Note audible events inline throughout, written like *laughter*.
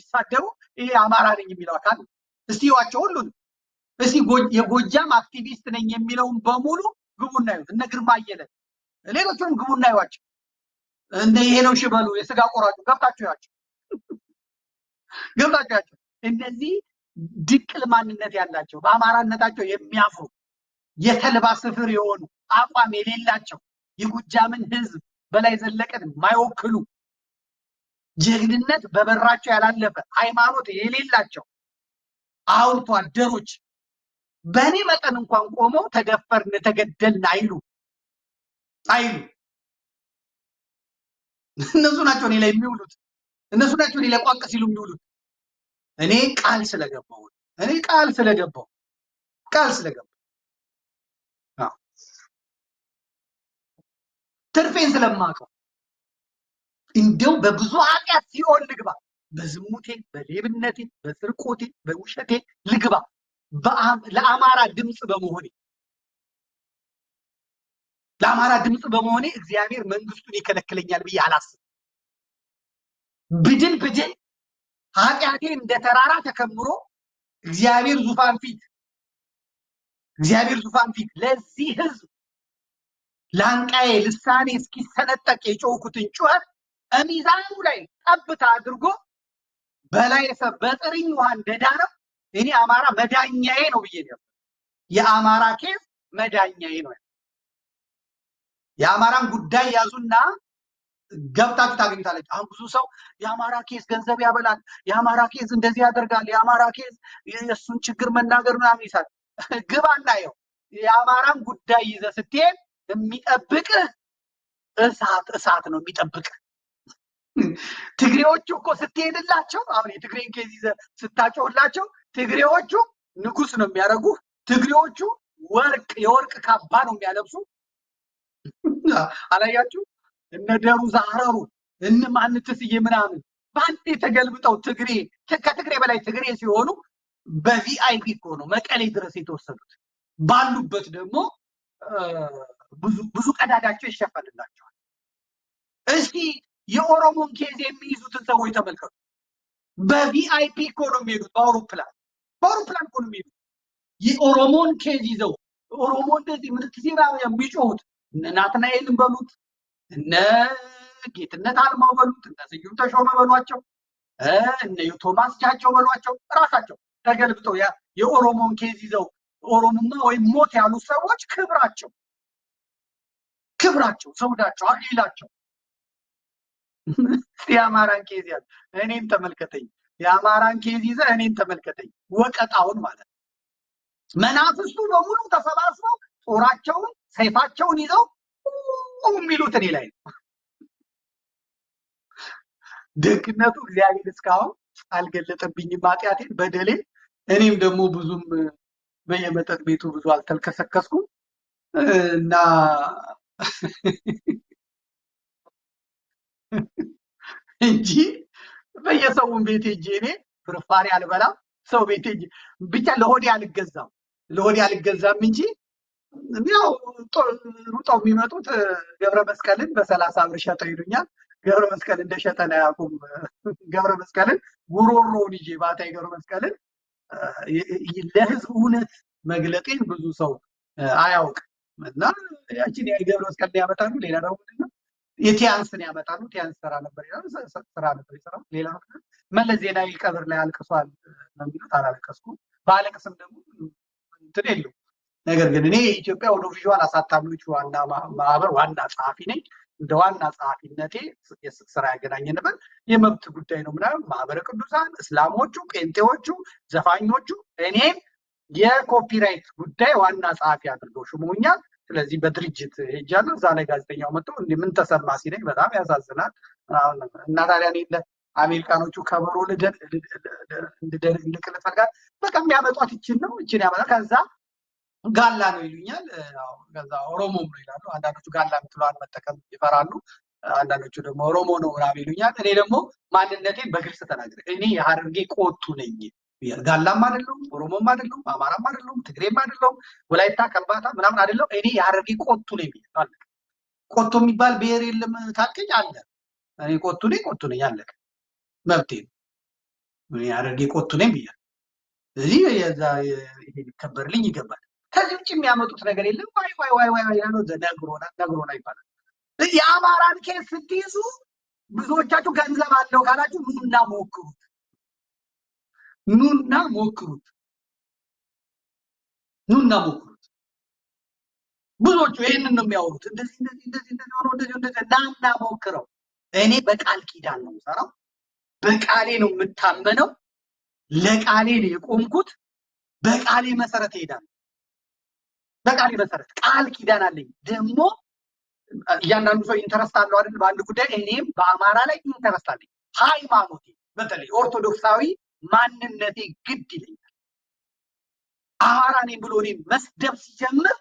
የሚሳደቡ ይሄ አማራ ነኝ የሚለው አካል እስቲ ዋቸው ሁሉ እስቲ የጎጃም አክቲቪስት ነኝ የሚለውን በሙሉ ግቡና ይዩት። እነ ግርማ አየለ ሌሎቹንም ግቡና ይዋቸው። እንደ ይሄ ነው ሽበሉ የስጋ ቆራጩ ገብታቸው ያቸው ገብታቸው ያቸው እነዚህ ድቅል ማንነት ያላቸው በአማራነታቸው የሚያፍሩ የተልባ ስፍር የሆኑ አቋም የሌላቸው የጎጃምን ህዝብ በላይ ዘለቀን የማይወክሉ ጀግንነት በበራቸው ያላለፈ ሃይማኖት የሌላቸው አውልቶ አደሮች በእኔ መጠን እንኳን ቆመው ተደፈርን ተገደልን አይሉ አይሉ እነሱ ናቸው እኔ ላይ የሚውሉት። እነሱ ናቸው እኔ ላይ ቋቅ ሲሉ የሚውሉት። እኔ ቃል ስለገባው እኔ ቃል ስለገባው ቃል ስለገባው ትርፌን ስለማቀው እንዲው በብዙ ኃጢአት ሲኦል ልግባ፣ በዝሙቴ፣ በሌብነቴ፣ በስርቆቴ፣ በውሸቴ ልግባ፣ ለአማራ ድምፅ በመሆኔ ለአማራ ድምፅ በመሆኔ እግዚአብሔር መንግስቱን ይከለክለኛል ብዬ አላስብ። ብድን ብድን ኃጢአቴ እንደ ተራራ ተከምሮ እግዚአብሔር ዙፋን ፊት እግዚአብሔር ዙፋን ፊት ለዚህ ህዝብ ላንቃዬ ልሳኔ እስኪሰነጠቅ የጮኩትን ጩኸት ሚዛኑ ላይ ጠብታ አድርጎ በላይ ሰብ በጥርኝ ውሃ እንደዳነው እኔ አማራ መዳኛዬ ነው ብዬ ነው። የአማራ ኬዝ መዳኛዬ ነው። የአማራን ጉዳይ ያዙና ገብታችሁ ታገኙታለች። አሁን ብዙ ሰው የአማራ ኬዝ ገንዘብ ያበላል፣ የአማራ ኬዝ እንደዚህ ያደርጋል፣ የአማራ ኬዝ የእሱን ችግር መናገር ምናምን ይሳል። ግባና የው የአማራን ጉዳይ ይዘ ስትሄድ የሚጠብቅህ እሳት እሳት ነው የሚጠብቅህ ትግሬዎቹ እኮ ስትሄድላቸው አሁን የትግሬን ኬዝ ይዘ ስታጮህላቸው ትግሬዎቹ ንጉስ ነው የሚያደርጉ፣ ትግሬዎቹ ወርቅ የወርቅ ካባ ነው የሚያለብሱ። አላያችሁ እነ ደሩ ዛረሩ እነ ማንትስዬ ምናምን በአንዴ ተገልብጠው ትግሬ ከትግሬ በላይ ትግሬ ሲሆኑ በቪአይፒ እኮ ነው መቀሌ ድረስ የተወሰዱት። ባሉበት ደግሞ ብዙ ቀዳዳቸው ይሸፈልላቸዋል። እስኪ የኦሮሞን ኬዝ የሚይዙትን ሰዎች ተመልከቱ። በቪአይፒ እኮ ነው የሚሄዱት፣ በአውሮፕላን በአውሮፕላን እኮ ነው የሚሄዱት። የኦሮሞን ኬዝ ይዘው ኦሮሞ እንደዚህ ምርትዜራ የሚጮሁት እነ ናትናኤልን በሉት እነ ጌትነት አልማው በሉት እነ ስዩም ተሾመ በሏቸው እነ ቶማስ ቻቸው በሏቸው እራሳቸው ተገልብጠው የኦሮሞን ኬዝ ይዘው ኦሮሞማ ወይም ሞት ያሉ ሰዎች ክብራቸው ክብራቸው ዘውዳቸው አክሊላቸው *laughs* የአማራን ኬዝ ያዝ፣ እኔን ተመልከተኝ። የአማራን ኬዝ ይዘ እኔን ተመልከተኝ። ወቀጣውን ማለት ነው። መናፍስቱ በሙሉ ተሰባስበው ጦራቸውን ሰይፋቸውን ይዘው የሚሉት እኔ ላይ ነው። *laughs* ደግነቱ እግዚአብሔር እስካሁን አልገለጠብኝም ኃጢአቴን፣ በደሌ። እኔም ደግሞ ብዙም በየመጠጥ ቤቱ ብዙ አልተልከሰከስኩም እና *laughs* *laughs* እንጂ በየሰውን ቤት ሄጄ እኔ ፍርፋሪ አልበላም። ሰው ቤት ሄጄ ብቻ ለሆዴ አልገዛም፣ ለሆዴ አልገዛም እንጂ ያው ሩጠው የሚመጡት ገብረ መስቀልን በሰላሳ ብር ሸጠው ይሉኛል። ገብረ መስቀል እንደሸጠ ነው ያቁም። *laughs* ገብረ መስቀልን ጉሮሮውን ይዤ ባታይ ገብረ መስቀልን ለህዝብ እውነት መግለጤን ብዙ ሰው አያውቅ እና ያችን የገብረ መስቀልን ያመጣሉ። ሌላ ደግሞ ምንድነው የቲያንስን ያመጣሉ። ቲያንስ ስራ ነበር ይላሉ። ስራ ነበር ይሰራል። ሌላ ምክንያት መለስ ዜናዊ ቀብር ላይ አልቅሷል ነው የሚሉት። አላለቀስኩም። በአለቅስም ደግሞ እንትን የለው። ነገር ግን እኔ ኢትዮጵያ ወደ ቪዥዋል አሳታሚዎች ዋና ማህበር ዋና ጸሐፊ ነኝ። እንደ ዋና ጸሐፊነቴ የስቅ ስራ ያገናኘ ነበር። የመብት ጉዳይ ነው ምናምን ማህበረ ቅዱሳን፣ እስላሞቹ፣ ጴንጤዎቹ፣ ዘፋኞቹ እኔም የኮፒራይት ጉዳይ ዋና ጸሐፊ አድርገው ሽሞኛል። ስለዚህ በድርጅት ሄጃለሁ። እዛ ላይ ጋዜጠኛው መጥቶ ምን ተሰማ ሲለኝ በጣም ያሳዝናል። እና ታዲያ እኔ ለአሜሪካኖቹ ከበሮ ልክል ፈልጋል። በቃ የሚያመጧት እችን ነው እችን ያመጣል። ከዛ ጋላ ነው ይሉኛል። ከዛ ኦሮሞም ነው ይላሉ። አንዳንዶቹ ጋላ ምትለዋል መጠቀም ይፈራሉ። አንዳንዶቹ ደግሞ ኦሮሞ ነው ምናምን ይሉኛል። እኔ ደግሞ ማንነቴን በግልጽ ተናግሬ እኔ የሀረርጌ ቆቱ ነኝ ጋላም አይደለሁም፣ ኦሮሞም አይደለሁም፣ አማራም አይደለሁም፣ ትግሬም አይደለሁም፣ ወላይታ ከምባታ ምናምን አይደለሁም። እኔ የሀረርጌ ቆቱ ነው የሚል አለ። ቆቱ የሚባል ብሔር የለም ካልከኝ አለ። እኔ ቆቱ ነኝ፣ ቆቱ ነኝ፣ አለ። መብቴ ነው። እኔ የሀረርጌ ቆቱ ነኝ ብያለሁ። እዚህ የዛ ሊከበርልኝ ይገባል። ከዚህ ውጭ የሚያመጡት ነገር የለም። ዋይ ዋይ ዋይ ዋይ ያለው ነግሮና ነግሮና ይባላል። የአማራን ኬስ ስትይዙ ብዙዎቻችሁ ገንዘብ አለው ካላችሁ ኑና ሞክሩ ኑና ሞክሩት፣ ኑና ሞክሩት። ብዙዎቹ ይህንን ነው የሚያወሩት። እንደዚህ እንደዚህ እንደዚህ እንደዚህ ሆኖ እንደዚህ እንደዚህ ናና ሞክረው። እኔ በቃል ኪዳን ነው የምሰራው፣ በቃሌ ነው የምታመነው፣ ለቃሌ ነው የቆምኩት፣ በቃሌ መሰረት እሄዳለሁ። በቃሌ መሰረት ቃል ኪዳን አለኝ። ደግሞ እያንዳንዱ ሰው ኢንተረስት አለው አይደል? በአንድ ጉዳይ እኔም በአማራ ላይ ኢንተረስት አለኝ። ሃይማኖቴ በተለይ ኦርቶዶክሳዊ ማንነቴ ግድ ይለኛል። አማራ ነኝ ብሎ እኔ መስደብ ሲጀምር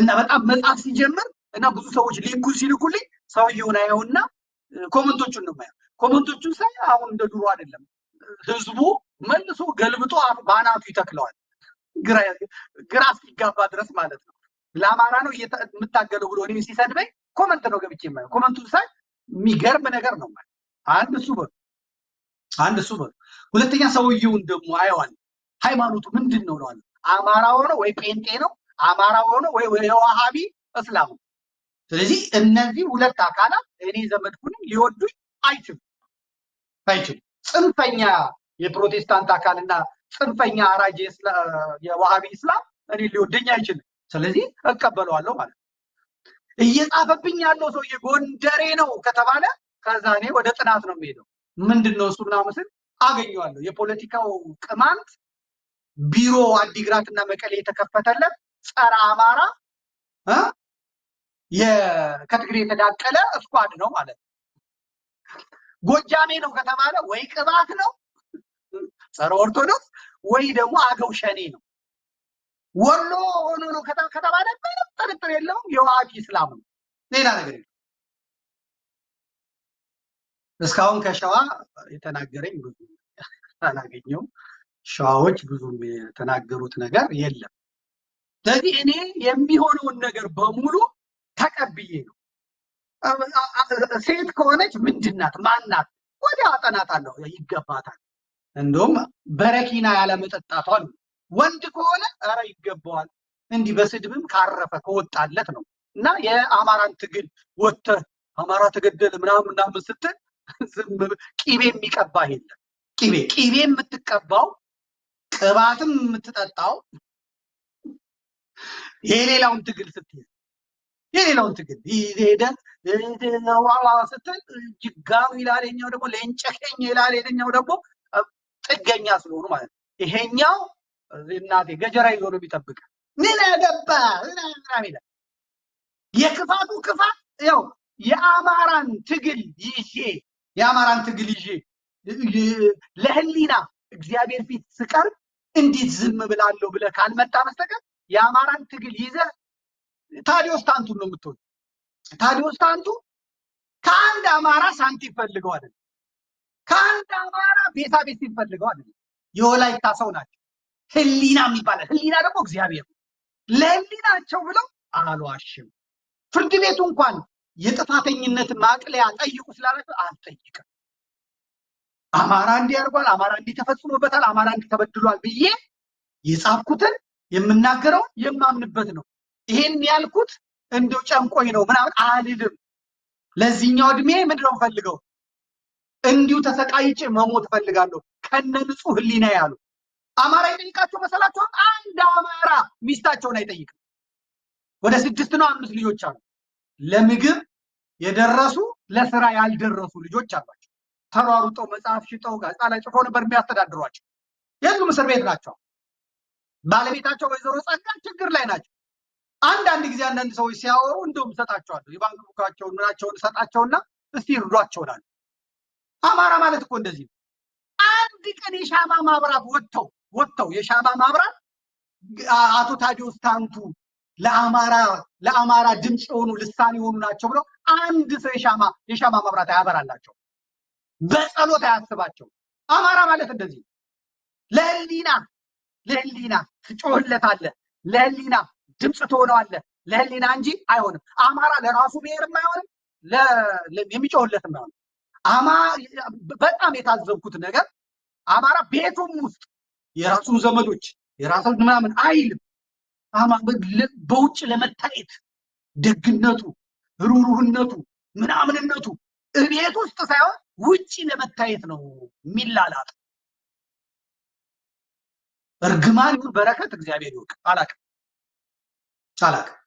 እና በጣም መጻፍ ሲጀምር እና ብዙ ሰዎች ሊንኩን ሲልኩልኝ ሰውየውን አየውና ኮመንቶቹን ነው ማየው። ኮመንቶቹን ሳይ አሁን እንደ ድሮ አይደለም። ህዝቡ መልሶ ገልብጦ በአናቱ ይተክለዋል፣ ግራ እስኪጋባ ድረስ ማለት ነው። ለአማራ ነው የምታገለው ብሎ እኔ ሲሰድበኝ ኮመንት ነው ገብቼ ማየው። ኮመንቱን ሳይ የሚገርም ነገር ነው ማለት አንድ እሱ አንድ እሱ በሉ። ሁለተኛ ሰውየውን ደግሞ አየዋል። ሃይማኖቱ ምንድን ነው ነው? አማራ ሆኖ ወይ ጴንጤ ነው፣ አማራ ሆኖ ወይ የዋሃቢ እስላም። ስለዚህ እነዚህ ሁለት አካላት እኔ ዘመድኩንም ሊወዱኝ አይችሉም አይችሉም። ጽንፈኛ የፕሮቴስታንት አካልና ጽንፈኛ አራጅ የዋሃቢ እስላም እኔ ሊወደኝ አይችልም። ስለዚህ እቀበለዋለሁ ማለት ነው። እየጻፈብኝ ያለው ሰውዬ ጎንደሬ ነው ከተባለ ከዛ እኔ ወደ ጥናት ነው የሚሄደው። ምንድን ነው እሱ ምናምን ስል አገኘዋለሁ። የፖለቲካው ቅማንት ቢሮ አዲግራት እና መቀሌ የተከፈተለት ጸረ አማራ ከትግሬ የተዳቀለ እስኳድ ነው ማለት ነው። ጎጃሜ ነው ከተባለ ወይ ቅባት ነው ጸረ ኦርቶዶክስ ወይ ደግሞ አገው ሸኔ ነው። ወሎ ሆኖ ነው ከተባለ ምንም ጥርጥር የለውም የዋሃቢ እስላም ነው። ሌላ ነገር የለም። እስካሁን ከሸዋ የተናገረኝ ብዙ አላገኘው። ሸዋዎች ብዙም የተናገሩት ነገር የለም። ስለዚህ እኔ የሚሆነውን ነገር በሙሉ ተቀብዬ ነው። ሴት ከሆነች ምንድናት ማናት? ወዲያ አጠናታለሁ፣ ይገባታል። እንዲሁም በረኪና ያለመጠጣቷን። ወንድ ከሆነ ኧረ ይገባዋል። እንዲህ በስድብም ካረፈ ከወጣለት ነው እና የአማራን ትግል ወጥተህ አማራ ተገደለ ምናምን ምናምን ስትል ዝም ቂቤ የሚቀባ የለም። ቂቤ ቂቤ የምትቀባው ቅባትም የምትጠጣው የሌላውን ትግል ስትሄድ የሌላውን ትግል ሄደ ስትል ጅጋሩ ይላል፣ ደግሞ ይላል፣ ደግሞ ጥገኛ ስለሆኑ ማለት ነው። ይሄኛው እናቴ ገጀራ ይዞ ነው የሚጠብቅ። ምን ምናምን ይላል። የክፋቱ ክፋት ያው የአማራን ትግል ይዤ የአማራን ትግል ይዤ ለህሊና እግዚአብሔር ፊት ስቀርብ እንዴት ዝም ብላለሁ ብለ ካልመጣ በስተቀር የአማራን ትግል ይዘ ታዲዮስ ታንቱን ነው የምትሆን። ታዲዮስ ታንቱ ከአንድ አማራ ሳንቲ ይፈልገው አይደለም፣ ከአንድ አማራ ቤታ ቤት ፈልገው አይደለም። የወላይታ ሰው ናቸው። ህሊና የሚባላል ህሊና ደግሞ እግዚአብሔር ለህሊናቸው ብለው አልዋሽም። ፍርድ ቤቱ እንኳን የጥፋተኝነት ማቅለያ ጠይቁ ስላላቸው አልጠይቅም። አማራ እንዲህ አድርጓል፣ አማራ እንዲህ ተፈጽሞበታል፣ አማራ እንዲህ ተበድሏል ብዬ የጻፍኩትን የምናገረው የማምንበት ነው። ይሄን ያልኩት እንደው ጨምቆኝ ነው ምናምን አልልም። ለዚህኛው እድሜ ምንድነው ፈልገው እንዲሁ ተሰቃይጭ መሞት እፈልጋለሁ ከነ ንጹህ ህሊና ያሉ አማራ ይጠይቃቸው መሰላቸው አንድ አማራ ሚስታቸውን አይጠይቅም። ወደ ስድስት ነው አምስት ልጆች አሉ። ለምግብ የደረሱ ለስራ ያልደረሱ ልጆች አሏቸው። ተሯሩጠው መጽሐፍ ሽጠው ጋዜጣ ላይ ጽፎ ነበር የሚያስተዳድሯቸው። የሉም፣ እስር ቤት ናቸው። ባለቤታቸው ወይዘሮ ጸጋ ችግር ላይ ናቸው። አንዳንድ ጊዜ አንዳንድ ሰዎች ሲያወሩ እንደውም እሰጣቸዋለሁ የባንክ ቡካቸውን ምናቸውን እሰጣቸውና እስቲ ይርዷቸው እላለሁ። አማራ ማለት እኮ እንደዚህ ነው። አንድ ቀን የሻማ ማብራት ወጥተው ወጥተው የሻማ ማብራት አቶ ታዲዮስ ታንቱ ለአማራ ለአማራ ድምፅ የሆኑ ልሳን የሆኑ ናቸው ብለው አንድ ሰው የሻማ የሻማ መብራት አያበራላቸው፣ በጸሎት አያስባቸው። አማራ ማለት እንደዚህ ለህሊና ለህሊና አለ ለህሊና ድምፅ አለ ለህሊና እንጂ አይሆንም። አማራ ለራሱ ብሔርም አይሆንም፣ የሚጮህለት አይሆንም። በጣም የታዘብኩት ነገር አማራ ቤቱም ውስጥ የራሱን ዘመዶች የራሱን ምናምን አይልም በውጭ ለመታየት ደግነቱ፣ ሩሩህነቱ፣ ምናምንነቱ እቤት ውስጥ ሳይሆን ውጭ ለመታየት ነው የሚላላጥ። እርግማን ይሁን በረከት እግዚአብሔር ይወቅ። አላቅ አላቅም።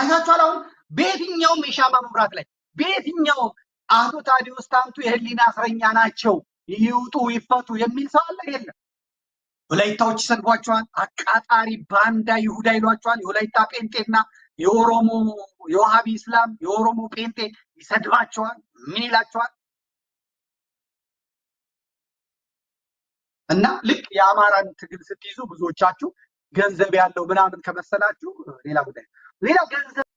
አይታችኋል። አሁን በየትኛውም የሻማ መብራት ላይ በየትኛውም አቶ ታዲዮስ ታንቱ የህሊና እስረኛ ናቸው ይውጡ ይፈቱ የሚል ሰው አለ የለም? ወላይታዎች ይሰድቧቸዋል። አቃጣሪ ባንዳ ይሁዳ ይሏቸዋል። የወላይታ ጴንጤና የኦሮሞ የውሃቢ እስላም የኦሮሞ ጴንጤ ይሰድባቸዋል። ምን ይላቸዋል? እና ልክ የአማራን ትግል ስትይዙ ብዙዎቻችሁ ገንዘብ ያለው ምናምን ከመሰላችሁ ሌላ ጉዳይ ሌላ ገንዘብ